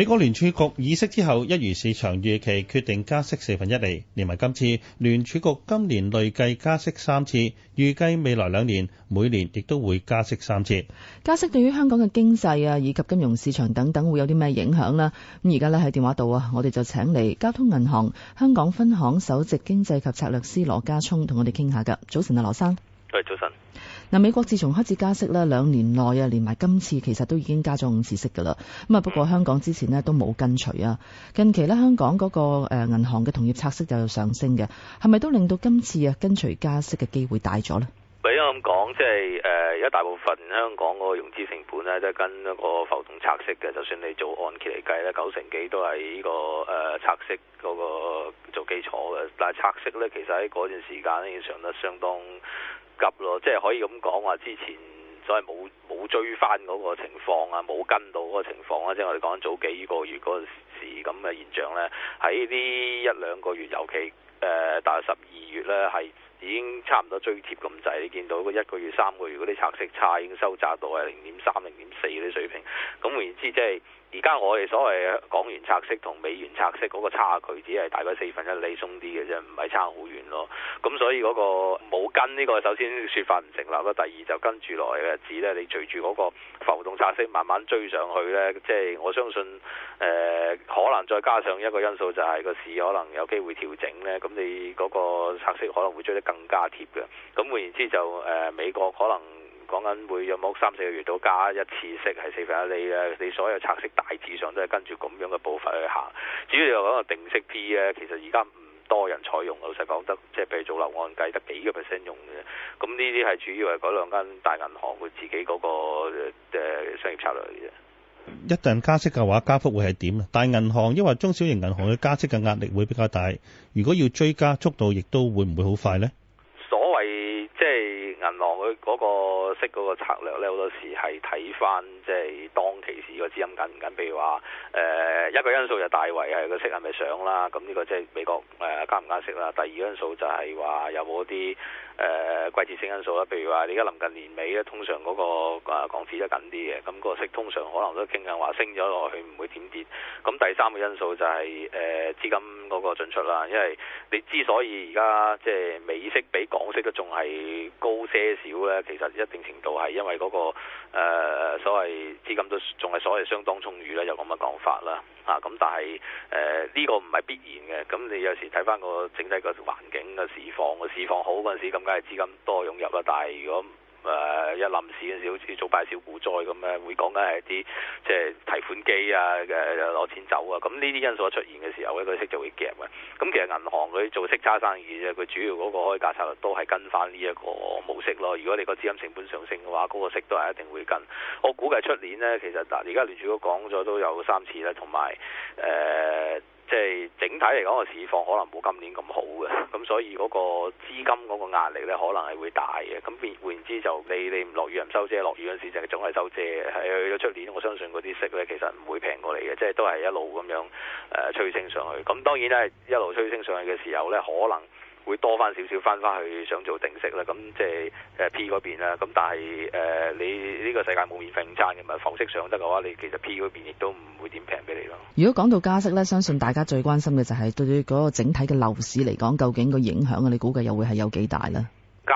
美國聯儲局議息之後，一如市場預期，決定加息四分一厘。連埋今次，聯儲局今年累計加息三次，預計未來兩年每年亦都會加息三次。加息對於香港嘅經濟啊，以及金融市場等等，會有啲咩影響呢？咁而家咧喺電話度啊，我哋就請嚟交通銀行香港分行首席經濟及策略師羅家聰同我哋傾下噶。早晨啊，羅生。係早晨。嗱，美國自從開始加息咧，兩年內啊，連埋今次其實都已經加咗五次息㗎喇。咁啊，不過香港之前咧都冇跟隨啊。近期呢，香港嗰個誒銀行嘅同業拆息就有上升嘅，係咪都令到今次啊跟隨加息嘅機會大咗呢？比如咁講，即係誒，呃，而家大部分香港嗰個融資成本咧都係跟一個浮動拆息嘅，就算你做按揭嚟計咧，九成幾都係呢個誒拆息嗰個做基礎嘅。但係拆息咧，其實喺嗰段時間咧，已經上得相當急咯，即係可以咁講話，之前所謂冇冇追翻嗰個情況啊，冇跟到嗰個情況啊，即係我哋講早幾個月嗰陣時，咁嘅現象咧，喺呢一兩個月尤其。誒、呃，但係十二月咧係已經差唔多追貼咁滯，你見到個一個月三個月嗰啲拆息差已經收窄到係零點三、零點四啲水平。咁換言之，即係而家我哋所謂港元拆息同美元拆息嗰個差距只，只係大概四分一厘鬆啲嘅啫，唔係差好遠咯。咁所以嗰個冇跟呢、呢個首先説法唔成立啦。第二就跟住落嚟嘅日子咧，你隨住嗰個浮動拆息慢慢追上去咧，即係我相信誒、呃，可能再加上一個因素就係個市可能有機會調整咧。那你嗰個拆息可能會追得更加貼嘅，咁換言之就誒、呃、美國可能講緊會有冇三四個月都加一次息係四分一厘，你所有拆息大致上都係跟住咁樣嘅步伐去行。至於你又講個定息 P 咧，其實而家唔多人採用，老實講得即係譬如做樓按計得幾個 percent 用嘅，咁呢啲係主要係嗰兩間大銀行佢自己嗰、那個、呃、商業策略嚟嘅。一旦加息嘅話，加幅會係點？啊？但係銀行因為中小型銀行嘅加息嘅壓力會比較大，如果要追加速度，亦都會唔會好快呢？嗰個息嗰個策略咧，好多時係睇翻即係當其時個資金緊唔緊。譬如話，誒、呃、一個因素就大圍係個息係咪上啦？咁呢個即係美國誒、呃、加唔加息啦。第二個因素就係話有冇啲誒季節性因素啦。譬如話你而家臨近年尾咧，通常嗰、那個、啊、港紙都緊啲嘅，咁、那個息通常可能都傾緊話升咗落去，唔會點跌。咁第三個因素就係、是、誒、呃、資金。進出啦，因為你之所以而家即係美息比港息都仲係高些少咧，其實一定程度係因為嗰、嗰個、呃、所謂資金都仲係所謂相當充裕啦，有咁嘅講法啦。啊，咁但係誒呢個唔係必然嘅。咁你有時睇返個整體個環境嘅市況，個市況好嗰陣時，咁梗係資金多湧入啦。但係如果誒、呃、一臨市好似做敗小股災咁咧，會講緊係啲即係提款機啊嘅攞、呃、錢走啊，咁呢啲因素出現嘅時候咧，個息就會夾嘅。咁、嗯、其實銀行佢做息差生意啫，佢主要嗰個開價策略都係跟翻呢一個模式咯。如果你個資金成本上升嘅話，嗰、那個息都係一定會跟。我估計出年呢，其實嗱，而家聯儲局講咗都有三次咧，同埋誒。呃即係整體嚟講，個市況可能冇今年咁好嘅，咁所以嗰個資金嗰個壓力咧，可能係會大嘅。咁換言之就你你唔落雨唔收遮，落雨嗰陣時就總係收遮嘅。係去咗出年我相信嗰啲息咧，其實唔會平過嚟嘅，即係都係一路咁樣誒、呃、吹升上去。咁當然咧，一路吹升上去嘅時候咧，可能。會多翻少少，翻翻去想做定息啦。咁即係誒 P 嗰邊啦。咁但係誒、呃、你呢個世界冇免費午餐嘅嘛。房息上得嘅話，你其實 P 嗰邊亦都唔會點平俾你咯。如果講到加息咧，相信大家最關心嘅就係對於嗰個整體嘅樓市嚟講，究竟個影響啊，你估計又會係有幾大咧？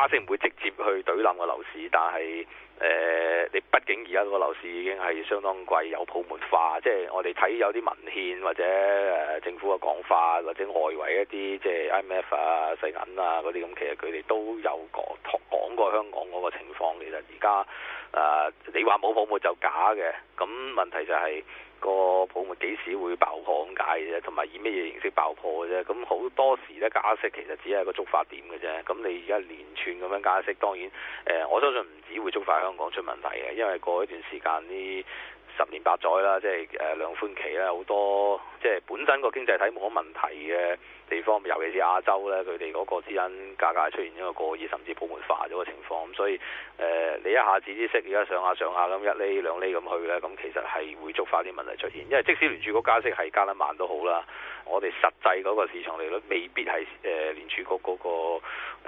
即唔 會直接去懟冧個樓市，但係誒、呃，你畢竟而家個樓市已經係相當貴，有泡沫化。即係我哋睇有啲文獻或者誒政府嘅講法，或者外圍一啲即係 IMF 啊、世銀啊嗰啲咁，其實佢哋都有講講過香港嗰個情況。其實而家誒，你話冇泡沫就假嘅，咁問題就係個。幾時會爆破咁解啫？同埋以乜嘢形式爆破嘅啫？咁好多時咧加息其實只係個觸發點嘅啫。咁你而家一連串咁樣加息，當然誒、呃，我相信唔止會觸發香港出問題嘅，因為過一段時間呢。十年八載啦，即係誒、呃、兩寬期啦，好多即係本身個經濟體冇乜問題嘅地方，尤其是亞洲咧，佢哋嗰個資產價格出現一個過熱甚至泡沫化咗嘅情況，咁所以誒、呃、你一下子啲息而家上下上下咁一釐兩釐咁去咧，咁其實係會觸發啲問題出現，因為即使聯儲局加息係加得慢都好啦。我哋實際嗰個市場利率未必係誒聯儲局嗰、嗰個、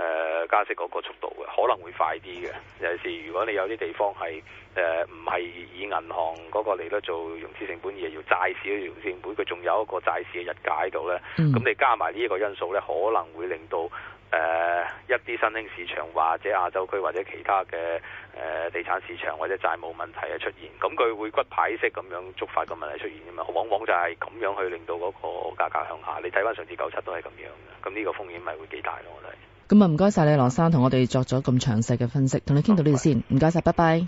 呃、加息嗰個速度嘅，可能會快啲嘅。有時如果你有啲地方係誒唔係以銀行嗰個利率做融資成本，而係要債市融資成本，佢仲有一個債市嘅日價喺度咧。咁你加埋呢一個因素咧，可能會令到，一啲新興市場，或者亞洲區或者其他嘅、誒、呃、地產市場或者債務問題嘅出現，咁佢會骨牌式咁樣觸發個問題出現嘅嘛，往往就係咁樣去令到嗰個價格向下。你睇翻上次九七都係咁樣，咁呢個風險咪會幾大咯？我哋咁啊，唔該晒你羅生，同我哋作咗咁詳細嘅分析，同你傾到呢度先，唔該晒，拜拜。